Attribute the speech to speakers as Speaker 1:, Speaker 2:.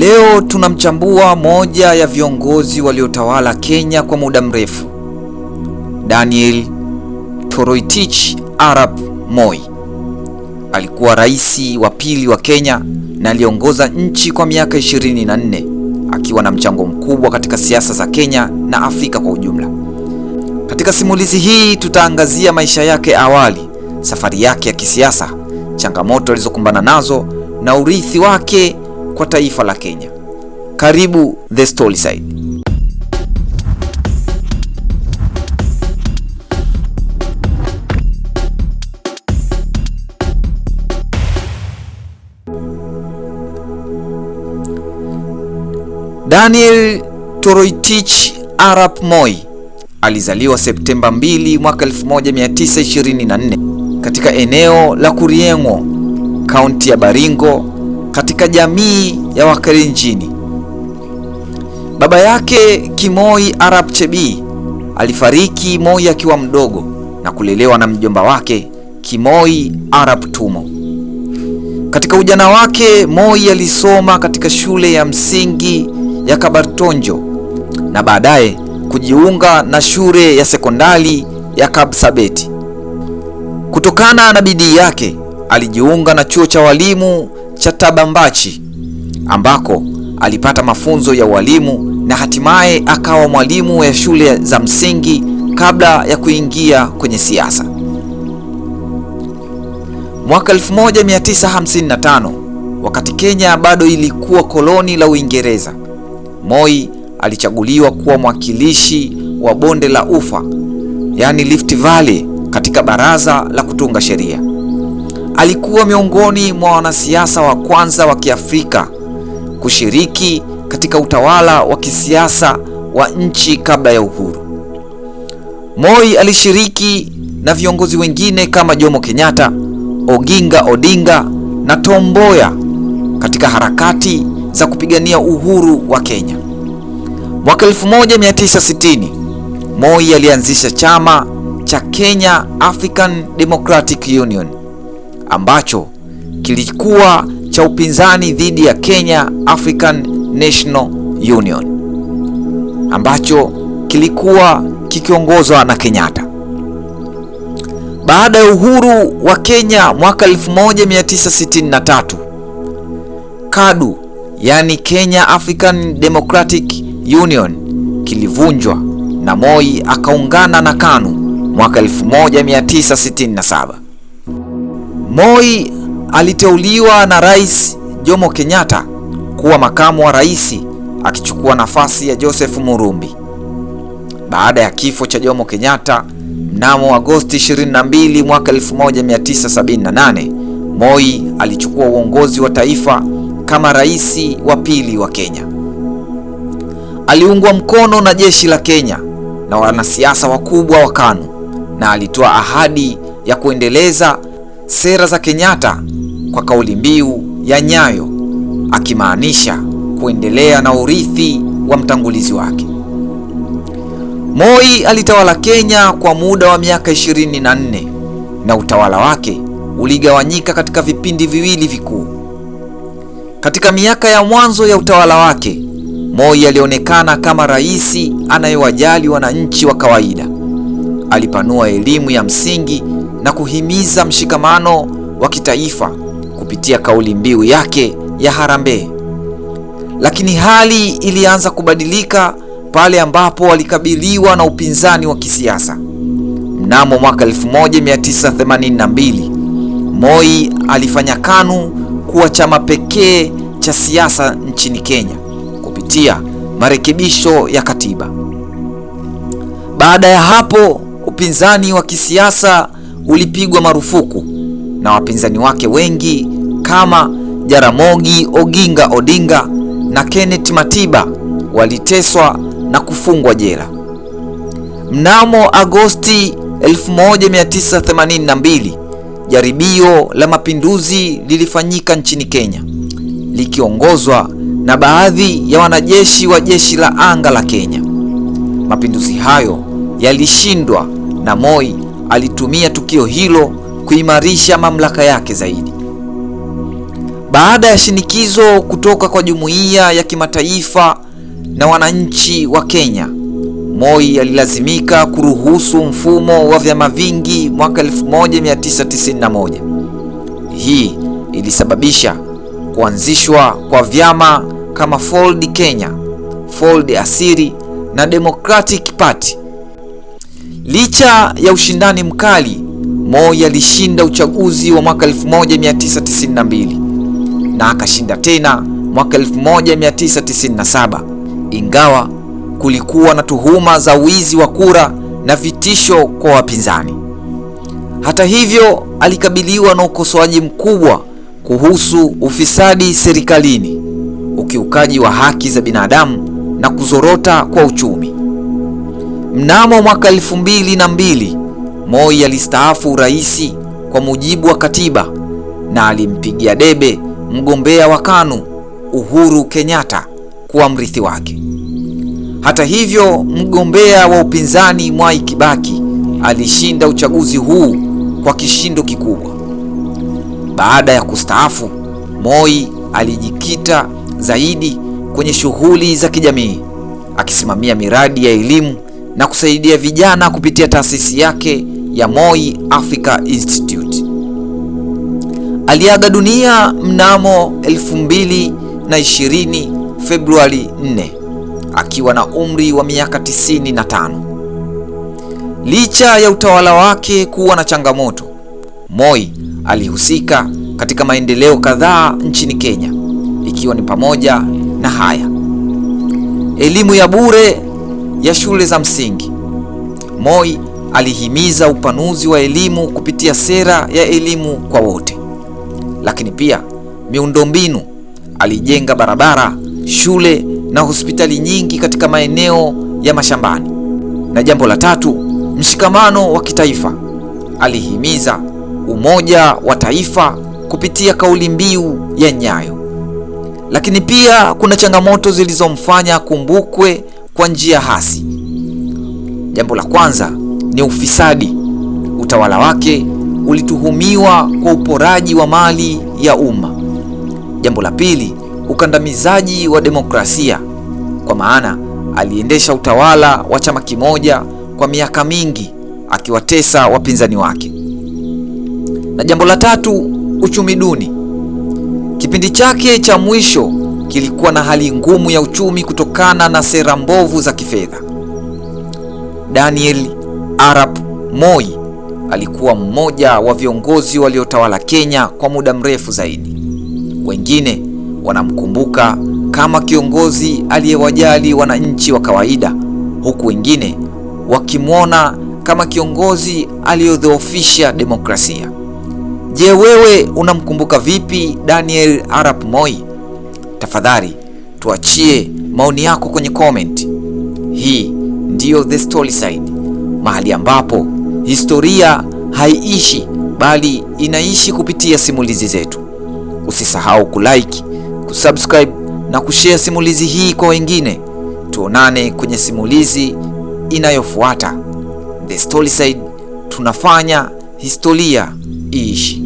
Speaker 1: Leo tunamchambua moja ya viongozi waliotawala Kenya kwa muda mrefu, Daniel Toroitich Arap Moi. Alikuwa rais wa pili wa Kenya na aliongoza nchi kwa miaka 24 akiwa na mchango mkubwa katika siasa za Kenya na Afrika kwa ujumla. Katika simulizi hii tutaangazia maisha yake awali, safari yake ya kisiasa, changamoto alizokumbana nazo na urithi wake kwa taifa la Kenya. Karibu The Side. Daniel Toroitich Arap Moi alizaliwa Septemba 2 mwaka 1924 katika eneo la Kuriengo, kaunti ya Baringo, katika jamii ya Wakalenjini. Baba yake Kimoi Arap chebi alifariki Moi akiwa mdogo na kulelewa na mjomba wake Kimoi Arap Tumo. Katika ujana wake, Moi alisoma katika shule ya msingi ya Kabartonjo na baadaye kujiunga na shule ya sekondari ya kabsabeti Kutokana na bidii yake, alijiunga na chuo cha walimu cha Tabambachi ambako alipata mafunzo ya ualimu na hatimaye akawa mwalimu ya shule za msingi kabla ya kuingia kwenye siasa. Mwaka 1955 wakati Kenya bado ilikuwa koloni la Uingereza, Moi alichaguliwa kuwa mwakilishi wa bonde la Ufa, yani Rift Valley katika baraza la kutunga sheria. Alikuwa miongoni mwa wanasiasa wa kwanza wa Kiafrika kushiriki katika utawala wa kisiasa wa nchi kabla ya uhuru. Moi alishiriki na viongozi wengine kama Jomo Kenyatta, Oginga Odinga na Tom Mboya katika harakati za kupigania uhuru wa Kenya. Mwaka 1960, Moi alianzisha chama cha Kenya African Democratic Union ambacho kilikuwa cha upinzani dhidi ya Kenya African National Union ambacho kilikuwa kikiongozwa na Kenyatta. Baada ya uhuru wa Kenya mwaka 1963, KADU yani Kenya African Democratic Union kilivunjwa na Moi akaungana na KANU mwaka 1967. Moi aliteuliwa na Rais Jomo Kenyatta kuwa makamu wa rais akichukua nafasi ya Joseph Murumbi baada ya kifo cha Jomo Kenyatta mnamo Agosti 22 mwaka 1978. Moi alichukua uongozi wa taifa kama rais wa pili wa Kenya. Aliungwa mkono na jeshi la Kenya na wanasiasa wakubwa wa KANU na alitoa ahadi ya kuendeleza sera za Kenyatta kwa kauli mbiu ya Nyayo, akimaanisha kuendelea na urithi wa mtangulizi wake. Moi alitawala Kenya kwa muda wa miaka 24 na utawala wake uligawanyika katika vipindi viwili vikuu. Katika miaka ya mwanzo ya utawala wake, Moi alionekana kama rais anayewajali wananchi wa kawaida. Alipanua elimu ya msingi na kuhimiza mshikamano wa kitaifa kupitia kauli mbiu yake ya harambee. Lakini hali ilianza kubadilika pale ambapo walikabiliwa na upinzani wa kisiasa. Mnamo mwaka 1982 Moi alifanya KANU kuwa chama pekee cha siasa nchini Kenya kupitia marekebisho ya katiba. Baada ya hapo, upinzani wa kisiasa ulipigwa marufuku na wapinzani wake wengi kama Jaramogi Oginga Odinga na Kenneth Matiba waliteswa na kufungwa jela. Mnamo Agosti 1982 jaribio la mapinduzi lilifanyika nchini Kenya likiongozwa na baadhi ya wanajeshi wa jeshi la anga la Kenya. Mapinduzi hayo yalishindwa na Moi alitumia tukio hilo kuimarisha mamlaka yake zaidi. Baada ya shinikizo kutoka kwa jumuiya ya kimataifa na wananchi wa Kenya, Moi alilazimika kuruhusu mfumo wa vyama vingi mwaka 1991. Hii ilisababisha kuanzishwa kwa vyama kama Ford Kenya, Ford Asiri na Democratic Party Licha ya ushindani mkali, Moi alishinda uchaguzi wa mwaka 1992 na akashinda tena mwaka 1997, ingawa kulikuwa na tuhuma za wizi wa kura na vitisho kwa wapinzani. Hata hivyo, alikabiliwa na ukosoaji mkubwa kuhusu ufisadi serikalini, ukiukaji wa haki za binadamu na kuzorota kwa uchumi. Mnamo mwaka elfu mbili na mbili Moi alistaafu uraisi kwa mujibu wa katiba na alimpigia debe mgombea wa KANU Uhuru Kenyatta kuwa mrithi wake. Hata hivyo, mgombea wa upinzani Mwai Kibaki alishinda uchaguzi huu kwa kishindo kikubwa. Baada ya kustaafu, Moi alijikita zaidi kwenye shughuli za kijamii, akisimamia miradi ya elimu na kusaidia vijana kupitia taasisi yake ya Moi Africa Institute. Aliaga dunia mnamo 2020 Februari 4 akiwa na umri wa miaka 95. Licha ya utawala wake kuwa na changamoto, Moi alihusika katika maendeleo kadhaa nchini Kenya, ikiwa ni pamoja na haya: elimu ya bure ya shule za msingi. Moi alihimiza upanuzi wa elimu kupitia sera ya elimu kwa wote, lakini pia miundombinu. Alijenga barabara, shule na hospitali nyingi katika maeneo ya mashambani. Na jambo la tatu, mshikamano wa kitaifa. Alihimiza umoja wa taifa kupitia kauli mbiu ya Nyayo. Lakini pia kuna changamoto zilizomfanya akumbukwe kwa njia hasi. Jambo la kwanza ni ufisadi. Utawala wake ulituhumiwa kwa uporaji wa mali ya umma. Jambo la pili, ukandamizaji wa demokrasia, kwa maana aliendesha utawala wa chama kimoja kwa miaka mingi akiwatesa wapinzani wake. Na jambo la tatu, uchumi duni. Kipindi chake cha mwisho kilikuwa na hali ngumu ya uchumi kutokana na sera mbovu za kifedha. Daniel Arap Moi alikuwa mmoja wa viongozi waliotawala Kenya kwa muda mrefu zaidi. Wengine wanamkumbuka kama kiongozi aliyewajali wananchi wa kawaida, huku wengine wakimwona kama kiongozi aliyodhoofisha demokrasia. Je, wewe unamkumbuka vipi Daniel Arap Moi? Tafadhali tuachie maoni yako kwenye comment. Hii ndiyo The Side, mahali ambapo historia haiishi bali inaishi kupitia simulizi zetu. Usisahau kulike, kusubscribe na kushare simulizi hii kwa wengine. Tuonane kwenye simulizi inayofuata. The Side, tunafanya historia iishi.